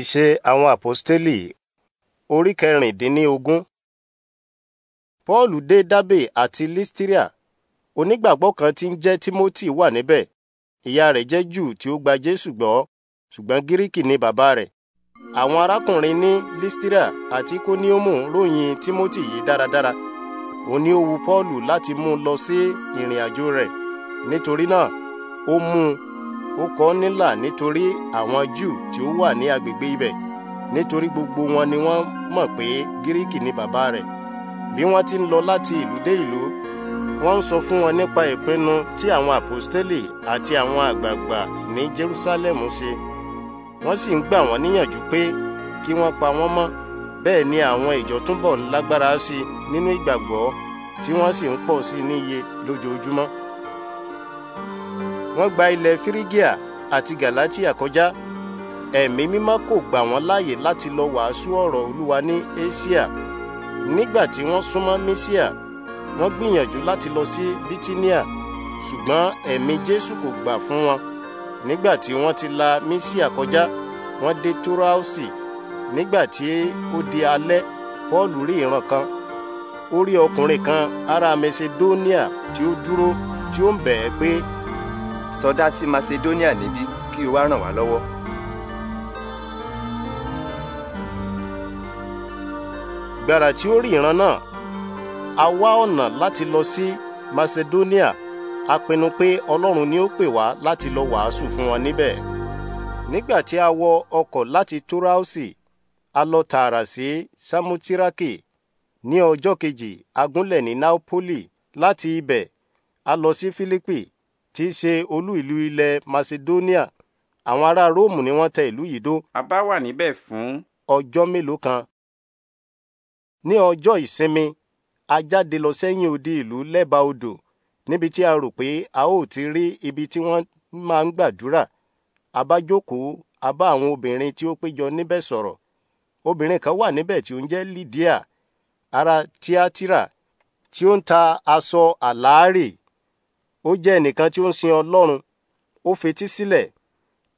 Ìṣe àwọn àpọ́stélì orí kẹrìndínlógún. Pọ́ọ̀lù dé Dábè àti Lístíríà, onígbàgbọ́ kan tí ń jẹ́ Tímótì wà níbẹ̀. Ìyá rẹ̀ jẹ́ Júù tí ó gba Jésù gbọ́, ṣùgbọ́n Gíríkì ni bàbá rẹ̀. Àwọn arákùnrin ní Lístíríà àti Kóníómù ròyìn Tímótì yìí dáradára. Òun ni ó wu Pọ́ọ̀lù láti mú un lọ sí ìrìn àjò rẹ̀. Nítorí náà, ó mú un ó kọ nílà nítorí àwọn júù tí ó wà ní agbègbè ibẹ̀ nítorí gbogbo wọn ni wọ́n mọ̀ pé gíríkì ni bàbá rẹ̀ bí wọ́n ti ń lọ láti ìlú dé ìlú wọ́n ń sọ fún wọn nípa ìpinnu tí àwọn àpòstélì àti àwọn àgbààgbà ní jerusalem ṣe wọ́n sì ń gbà wọ́n níyànjú pé kí wọ́n pa wọ́n mọ́ bẹ́ẹ̀ ni àwọn ìjọ túnbọ̀ lágbára sí nínú ìgbàgbọ́ tí wọ́n sì ń pọ̀ sí níye lójoojúmọ́ wọ́n gba ilẹ̀ firigia àti galatia kọjá ẹ̀mí mímọ́ kò gbà wọ́n láàyè láti lọ wàásù ọ̀rọ̀ olúwa ní asia nígbà tí wọ́n súnmọ́ misia wọ́n gbìyànjú láti lọ sí bitinia ṣùgbọ́n ẹ̀mí jésù kò gbà fún wọn nígbà tí wọ́n ti la misia kọjá wọ́n dé tórausi nígbà tí ó di alẹ́ pọ́ọ̀lù rí ìran kan ó rí ọkùnrin kan ará macedonia tí ó dúró tí ó ń bẹ̀ pé sọdá sí Macedonia níbí kí o wá ràn wá lọ́wọ́. gbàrà tí ó rí ìran náà a wá ọ̀nà láti lọ sí Macedonia a pinnu pé Ọlọ́run ni ó pè wá láti lọ wàásù fún wọn níbẹ̀ nígbà tí a wọ ọkọ̀ láti Túráùsì a lọ tààrà sí Samutiraki ní ọjọ́ kejì a gúnlẹ̀ ní Náúpólì láti ibẹ̀ a lọ sí Fílípì tí í ṣe olú ìlú ilẹ̀ Macedonia àwọn ará Róòmù ni wọ́n tẹ ìlú yìí dó. a bá wà níbẹ̀ fún. ọjọ́ mélòó kan. ní ọjọ́ ìsinmi a jáde lọ sẹ́yìn odi ìlú lẹ́bàá odò níbi tí a rò pé a ó ti rí ibi tí wọ́n máa ń gbàdúrà a bá jókòó a bá àwọn obìnrin tí ó péjọ níbẹ̀ sọ̀rọ̀ obìnrin kan wà níbẹ̀ tí ó ń jẹ́ Lydia ará Tíátírà tí ó ń ta aṣọ àlárè ó jẹ́ ẹnìkan tí ó ń sin ọlọ́run ó fetí sílẹ̀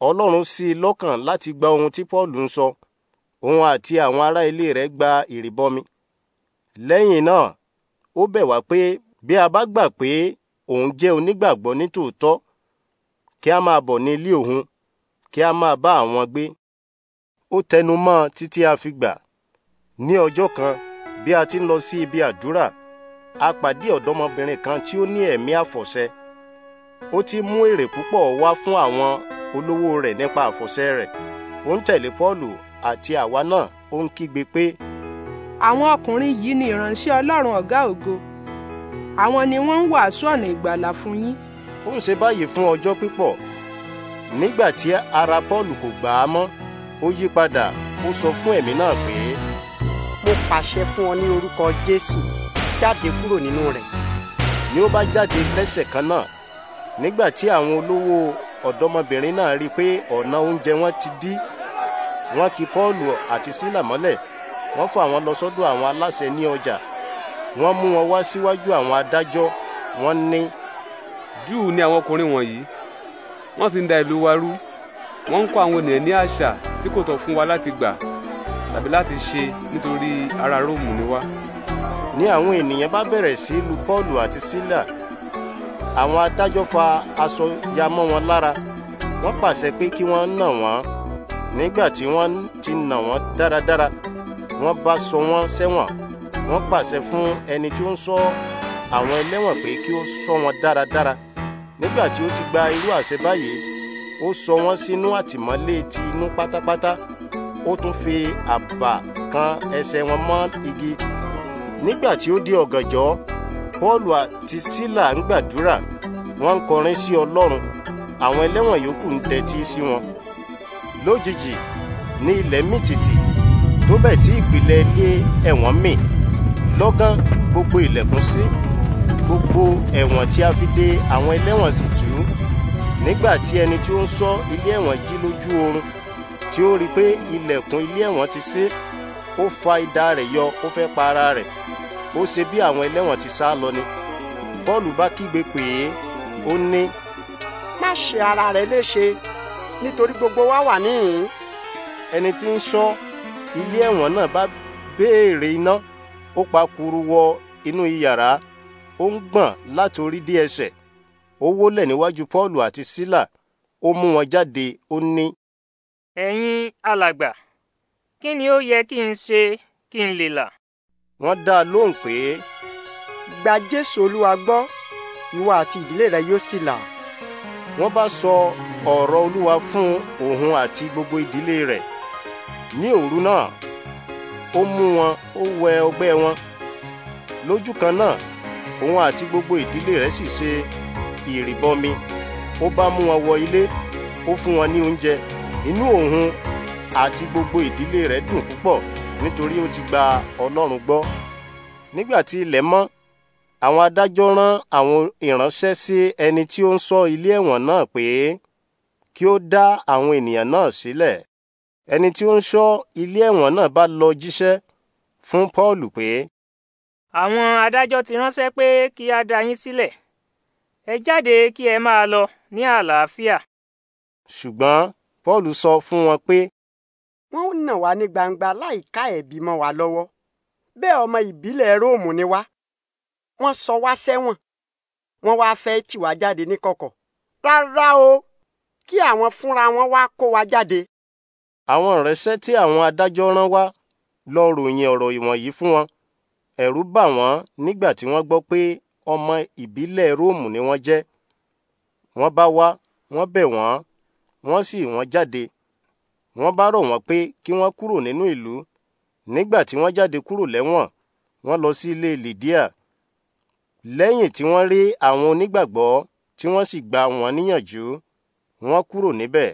ọlọ́run sí i lọ́kàn láti gba ohun tí paul ń sọ òun àti àwọn ará ilé rẹ̀ gba ìrìbọmi lẹ́yìn náà ó bẹ̀ wá pé bí a bá gbà pé òun jẹ́ onígbàgbọ́ nítòótọ́ kí a máa bọ̀ ní ilé òun kí a máa bá àwọn gbé ó tẹnu mọ́ títí a fi gbà ní ọjọ́ kan bí a ti ń lọ sí ibi àdúrà a pàdé ọ̀dọ́mọbìnrin kan tí ó ní ẹ̀mí àfọ̀ṣẹ ó ti mú èrè púpọ̀ wá fún àwọn olówó rẹ̀ nípa àfọ̀ṣẹ rẹ̀ ó ń tẹ̀lé Pọ́ọ̀lù àti àwa náà ó ń kígbe pé. àwọn ọkùnrin yìí ni ìránṣẹ́ Ọlọ́run ọ̀gá ògo àwọn ni wọ́n ń wàásù ọ̀nà ìgbàlà fún yín. ó ń ṣe báyìí fún ọjọ́ pípọ̀ nígbà tí ara Pọ́ọ̀lù kò gbà á mọ́ ó yí padà ó sọ fún ẹ̀mí náà pé. mo pàṣẹ fún ọ ní orúkọ Jésù jáde kúrò nínú rẹ̀. ni ó bá jáde lẹ́sẹ̀ kan náà nígbà tí àwọn olówó ọ̀dọ́mọbìnrin náà rí i pé ọ̀nà oúnjẹ wọn ti dí wọ́n kì Pọ́ọ̀lù àti Sílà mọ́lẹ̀ wọ́n fà wọ́n lọ sọ́dọ̀ àwọn aláṣẹ ní ọjà wọ́n mú wọn wá síwájú àwọn adájọ́ wọ́n ní. Júù ni àwọn ọkùnrin wọ̀nyí wọ́n sì ń da ìlú wa rú wọ́n ń kọ́ àwọn ènìyàn ní àṣà tí kò tọ́ fún wa láti gbà tàbí láti ṣe nítorí ará Róòmù ni wá. ni àwọn ènìyàn bá bẹ̀rẹ̀ sí lu Pọ́ọ̀lù àti Sílà. Si àwọn adájọ́ fa aṣọ ya mọ́ wọn lára wọ́n pàṣẹ pé kí wọ́n nà wọ́n nígbà tí wọ́n ti nà wọ́n dáradára wọ́n bá sọ wọ́n sẹ́wọ̀n wọ́n pàṣẹ fún ẹni tí ó ń sọ àwọn ẹlẹ́wọ̀n pé kí ó sọ wọn dáradára nígbà tí ó ti gba irú àṣẹ báyìí ó sọ wọ́n sínú àtìmọ́lé ti inú pátápátá ó tún fi àbà kan ẹsẹ̀ wọn mọ́ igi nígbà tí ó di ọ̀gànjọ́ Paulu àti Sílà ń gbàdúrà wọ́n ń kọrin sí Ọlọ́run àwọn ẹlẹ́wọ̀n yòókù ń tẹ́tí sí wọn lójijì ní ilẹ̀ mì tìtì tó bẹ́ẹ̀ tí ìpìlẹ̀ ilé ẹ̀wọ̀n mì lọ́gán gbogbo ilẹ̀kùn sí gbogbo ẹ̀wọ̀n tí a fi dè àwọn ẹlẹ́wọ̀n sì tú nígbà tí ẹni tí ó ń ṣọ́ ilé ẹ̀wọ̀n jí lójú oorun tí ó rí i pé ilẹ̀kùn ilé ẹ̀wọ̀n ti ṣí ó fa idà rẹ̀ yọ ó fẹ́ pa ara ó ṣe bí àwọn ẹlẹ́wọ̀n ti sá lọ ni Pọ́ọ̀lù bá kígbe pè é ó ní. má ṣe ara rẹ léṣe nítorí gbogbo wa wà níhìn-ín. ẹni tí ń ṣọ́ ilé ẹ̀wọ̀n náà bá béèrè iná ó pa kuru wọ inú iyàrá ó ń gbọ̀n láti orí dé ẹsẹ̀ ó wólẹ̀ níwájú Pọ́ọ̀lù àti Sílà ó mú wọn jáde ó ní. ẹ̀yin alàgbà kí ni ó yẹ kí n ṣe kí n lè là wọ́n dá a lóhùn pé gba Jésù Olúwa gbọ́ ìwọ àti ìdílé rẹ yóò sì là wọ́n bá sọ ọ̀rọ̀ Olúwa fún òun àti gbogbo ìdílé rẹ̀ ní òru náà ó mú wọn ó wẹ ọgbẹ́ wọn lójú kan náà òun àti gbogbo ìdílé rẹ̀ sì ṣe ìrìbọmi ó bá mú wọn wọ ilé ó fún wọn ní oúnjẹ inú òun àti gbogbo ìdílé rẹ̀ dùn púpọ̀ nítorí ó ti gba Ọlọ́run gbọ́. Nígbà tí ilẹ̀ mọ́ àwọn adájọ́ rán àwọn ìránṣẹ́ sí ẹni tí ó ń ṣọ́ ilé ẹ̀wọ̀n náà pé kí ó dá àwọn ènìyàn náà sílẹ̀ ẹni tí ó ń ṣọ́ ilé ẹ̀wọ̀n náà bá lọ jíṣẹ́ fún Paul pé. àwọn adájọ́ ti ránṣẹ́ pé kí a dá yín sílẹ̀ ẹ jáde kí ẹ máa lọ ní àlàáfíà. ṣùgbọ́n Paul sọ fún wọn pé wọ́n nà wá ní gbangba láì ká ẹ̀bi mọ́ wa lọ́wọ́ bẹ́ẹ̀ ọmọ ìbílẹ̀ róòmù ni wá wọ́n sọ wá sẹ́wọ̀n wọ́n wá fẹ́ tì wá jáde níkọ̀kọ̀ rárá o kí àwọn fúnra wọn wá kó wa jáde. àwọn ìránṣẹ́ tí àwọn adájọ́ rán wá lọ ròyìn ọ̀rọ̀ ìwọ̀nyí fún wọn ẹ̀rù bà wọ́n nígbà tí wọ́n gbọ́ pé ọmọ ìbílẹ̀ róòmù ni wọ́n jẹ́ wọ́n bá wá wọ́n bẹ̀ wọ́n wọ́n sì wọ́n jáde wọ́n bá rọ̀ wọ́n pé kí wọ́n kúrò nínú ìlú nígbà tí wọ́n jáde kúrò lẹ́wọ̀n wọ́n lọ sí ilé Lídíà lẹ́yìn tí wọ́n rí àwọn onígbàgbọ́ tí wọ́n sì gbà wọ́n níyànjú wọ́n kúrò níbẹ̀